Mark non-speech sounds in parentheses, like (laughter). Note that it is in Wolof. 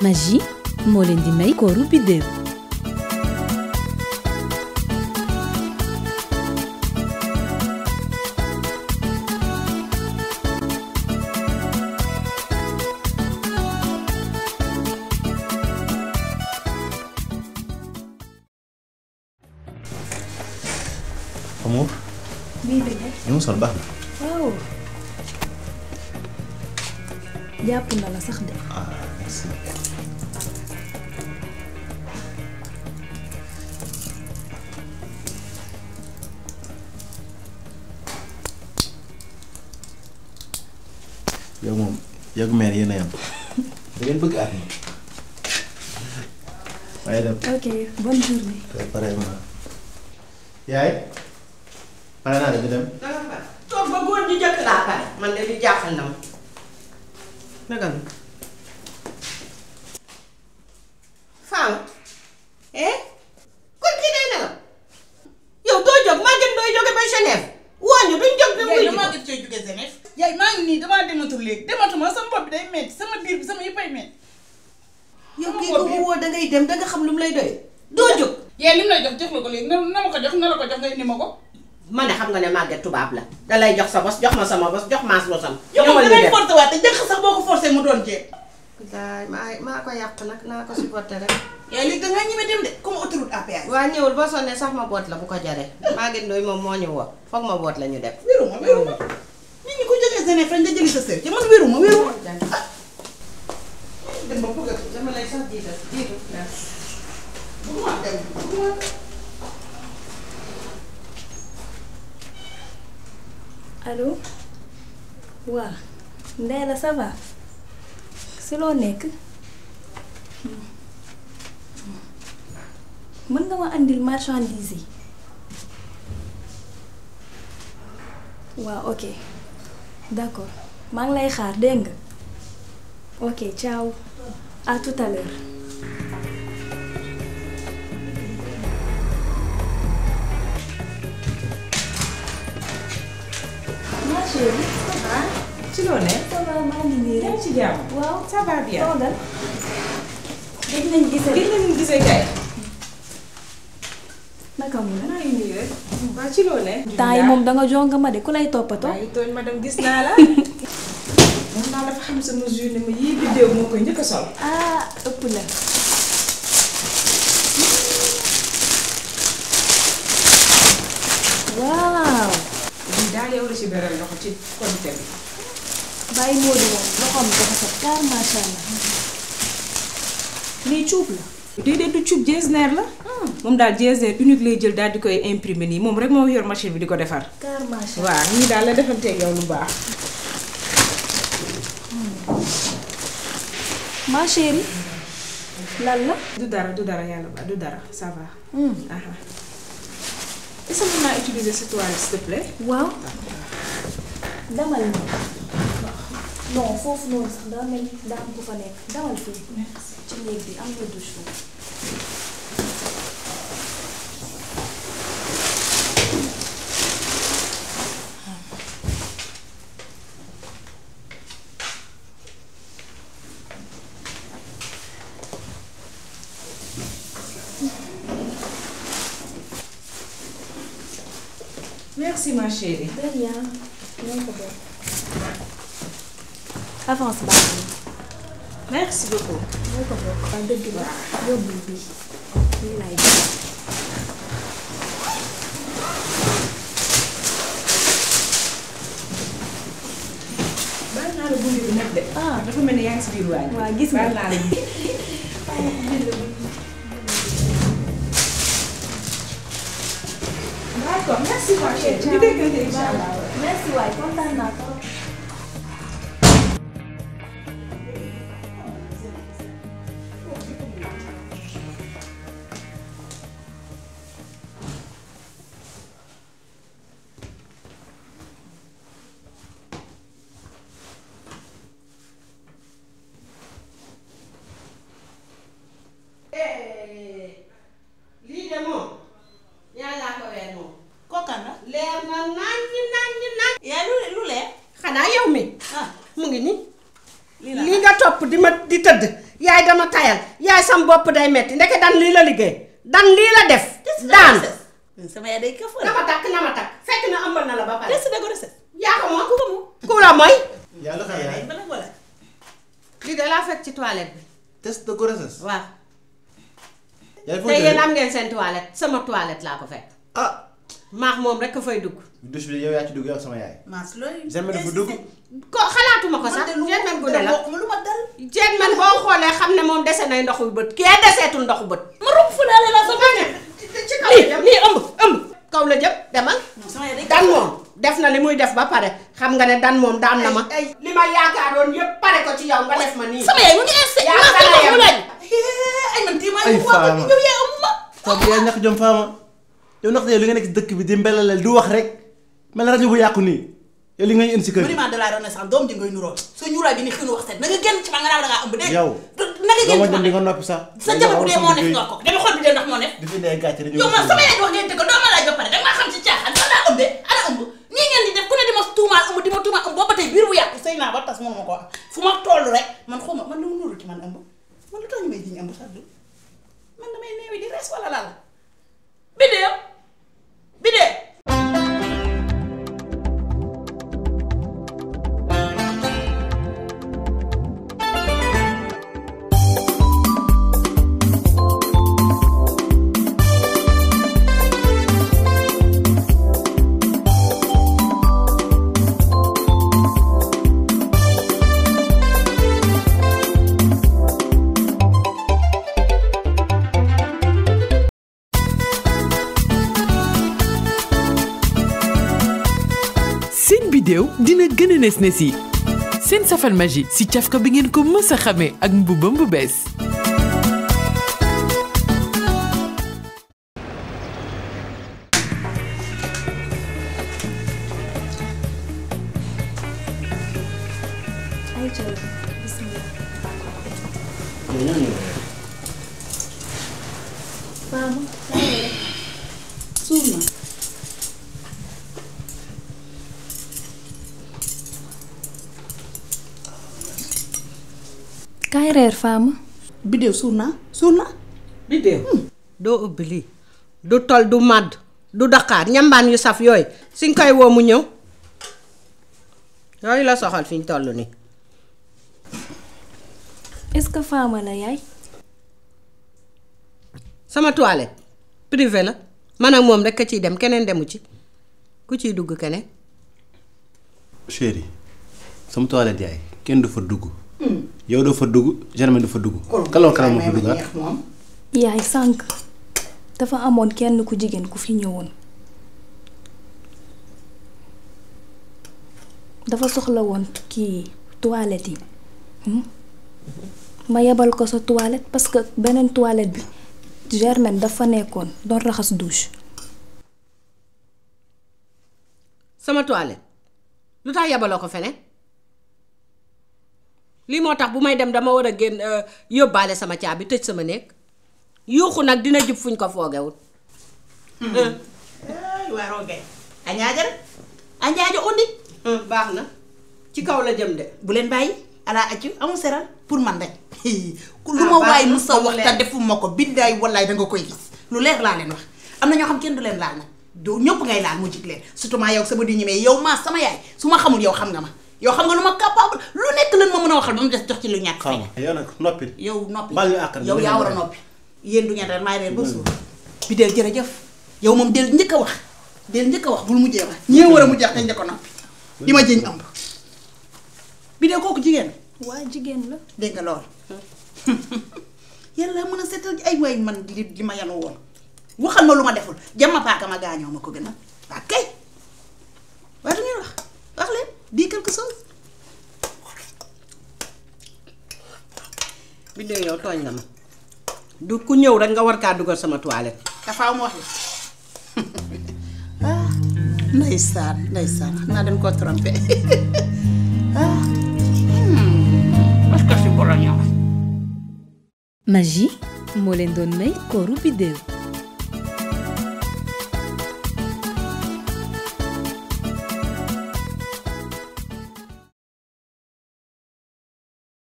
magie moo leen di may kooru biddew amour li mu sol baax na waaw jàpp na la sax de ah. yow moom yàgg meer yéen yam da ngeen bëgg aar waaye dem ok bonne journée. pareillement. yaay pare naa dañu dem. toog ba góor ñu jëkk laa pare man de li jaaxal na ma. faal eh kon kii day nelaw yow doo jóg màgget dooy jóge ba Genève woo ñu duñ jóg bi muy jóg yaay maa ngi nii damaa dematul léegi dematuma sama bopp bi day metti sama biir bi sama yëppay metti dangay dem danga xam lu mu lay doy doo jóg yaay li mu lay jox jox la ko léegi na ma ko jox na la ko jox nga indi ma ko man de xam nga ne màgget tubaab la dalay jox sa bos jox ma sama bos jox maas bosam yow moom damay forcé waat te jëkk sax boo mu doon jeex maa maa ko yàq nag naa ko supporté rek yaa eh, ngi léegi da ngaa ñeme dem de comme autoroute à péage. waaw ñëwul boo sonnee ma boot la bu ko jaree. Maguette Ndoye moom moo ñu woo ma boot la ñu dem. wéeru ma wéeru ma nit ñi ko jógee sa ah. ba a dama lay si loo mën nga ma andil marchandise yi waaw ok d'accord maa lay xaar dégg nga ok ciao à ci loo ne. ça va maa ngi nii rek ci jàmm. waaw ça va bien. toogal. nañu gisee. gis nañu gisee kay. naka mu ne. moom danga jonga ma de ku lay toppatoo. naa la. bàyyi Modou moom loxoom dafa set car macha lii cuub la. déedéet du cub jeesneer la. Hmm. moom daal jeesneer unique lay jël daal di koy imprimer nii moom rek moo yor machine bi di ko defar. car machine waaw nii daal la defanteeg yow lu baax. Hmm. ma chérie la. du dara du dara yàlla ba du dara ça va. Hmm. est naa utiliser cette toile s'il waaw. demal ma. non foofu noonu sax daa mel daa am ku fa nekk dawal bi am na douche foofu. merci ma chérie. très avance baax na merci beaucoup. moo ko bokk waaw dëgg la yóbbu bi lii laay def. ah dafa mel ni yaa ngi si biir waay. waaw gis nga waaw d'accord merci waay. merci waay kontaan naa trop. tëdd yaay dama tayal yaay sam bopp day metti ndeke dan lii la liggéey dan lii la def. daan sama yaay day këfër. na ma takk na ma takk fekk na ëmbal na la ba pare. test de grossesse. yaa ko moom la mooy. yàlla xam naa lii de laa fekk ci toilette bi. test de grossesse. waaw. te yéen am ngeen seen toilette sama toilette laa ko fekk. Ah. maax moom rek fay dugg. douche bi yow yaa ci dugg yow sama yaay. maas looy. jamais dafa dugg. ko xalaatuma ko sax. jéem man guné la lu ma dal. jéem man boo xoolee xam ne moom dese nay ndoxu bët kee deseetul ndoxu bët. ma rëbb fu la sama ne. la demal. sama yaay dan moom def na li muy def ba pare xam nga ne dan moom daan na ma. li ma yaakaaroon yëpp ko ci yow nga def ma nii. sama yaay mu ngi insé. yaakaar naa ngi ko ay man diimaa. ay faama yow yaa ma. yow ndax yow dëkk bi di mbelaleel di wax rek mel rajo bu yàqu nii yow li ngay indi si kër monument la renaissance doom di ngay nuróo sa ñuuraay bi na nga génn ci ma nga daal da ngaa ëmb sa ko dama xool bi dee ndax moo nekk di fi man sama yaay wax ngeen dëgg doo laaj ba pare da nga xam ci caaxaan da ëmb de ana ëmb ñii ngeen di def ku ne di ma tuumaal ëmb di ma tuumaal ëmb booba tey biir bu yàqu sëy naa ba tas ma ko fu ma toll rek man xuma man lu mu nuru ci man lu tax may jiñ ëmb sax man damay neewi di res wala laa seen bidéew dina gën a nes nes seen safal magie si cafka bi ngeen ko mës a xamee ak mbubam bu bees Mama, maay reer faama. biddéew suur naa suur naa. biddéew. Hmm. doo ubbi lii du tol du màdd du daqaar ñambaan yu saf yooyu suñ koy woo mu ñëw yooyu la soxal fi ñu toll nii. est-ce que faama la yaay. sama toilette privé la man ak moom rek a ciy dem keneen demu ci ku ciy dugg keneen. chérie sama toilette yaay kenn du dugg. Hmm. yow doo fa dugg Germaine du fa dugg. kan loolu kanam fa dugg yaay sànq dafa amoon kenn ku jigéen ku fi ñëwoon dafa soxla woon kii toilette yi hmm? ma yebal ko sa toilette parce que beneen toilette bi Germaine dafa nekkoon doon raxas douche. sama toilette lu tax yebaloo ko feneen. lii moo tax bu may dem dama war a génn euh, yóbbaale sama caabi tëj sama néeg yuuxu nag dina jub fuñ ko foogewul. Mm-hmm. Eh, waa Roguin. añaaja rek añaaja undi. Mm, baax na ci kaw la jëm de. bu leen bàyyi alaa accu amul seral pour man rek. (laughs) lu ma ah, waay mu sa wax te defuma ko biddaay wallaay da nga koy gis. lu leer laa leen wax am na ñoo xam kenn du leen laal nag du ñëpp ngay laal mu jig leen maa yow sama di ñemee yow maa sama yaay su ma xamul yow xam nga ma. yow xam nga lu ma capable lu nekk lan ma mën a waxal ba mu def jox ci lu ñàkk fay yow nag noppi yow noppi yow yaa war a noppi yéen du ngeen reer maay reer ba suur bi del jërëjëf yow moom del njëkk a wax del njëkk a wax bul mujjee wax ñee war a mujjee wax te njëkk a noppi di ma jëñ ëmb bi kooku jigéen waa jigéen la dégg nga lool (laughs) yàlla mën a seetal ay man li li ma yanu woon waxal ma lu ma deful jàmm paaka ma gaa gaañoo ma ko gën a dis quelque chose. Bidew yow tooñ nga ma. du ku ñëw rek war kaa dugal sama toilette. dafa am wax la. ah ndeysaan ndeysaan xam naa dañ koo trompé (laughs) ah. Hmm. moo leen doon may kooru Bidew.